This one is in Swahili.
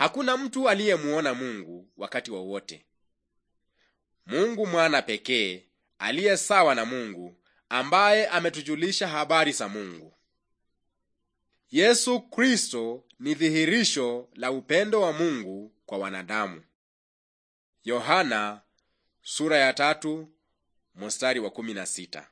Hakuna mtu aliyemuona Mungu wakati wowote. wa Mungu mwana pekee aliye sawa na Mungu, ambaye ametujulisha habari za Mungu. Yesu Kristo ni dhihirisho la upendo wa Mungu kwa wanadamu. Yohana sura ya tatu mstari wa kumi na sita.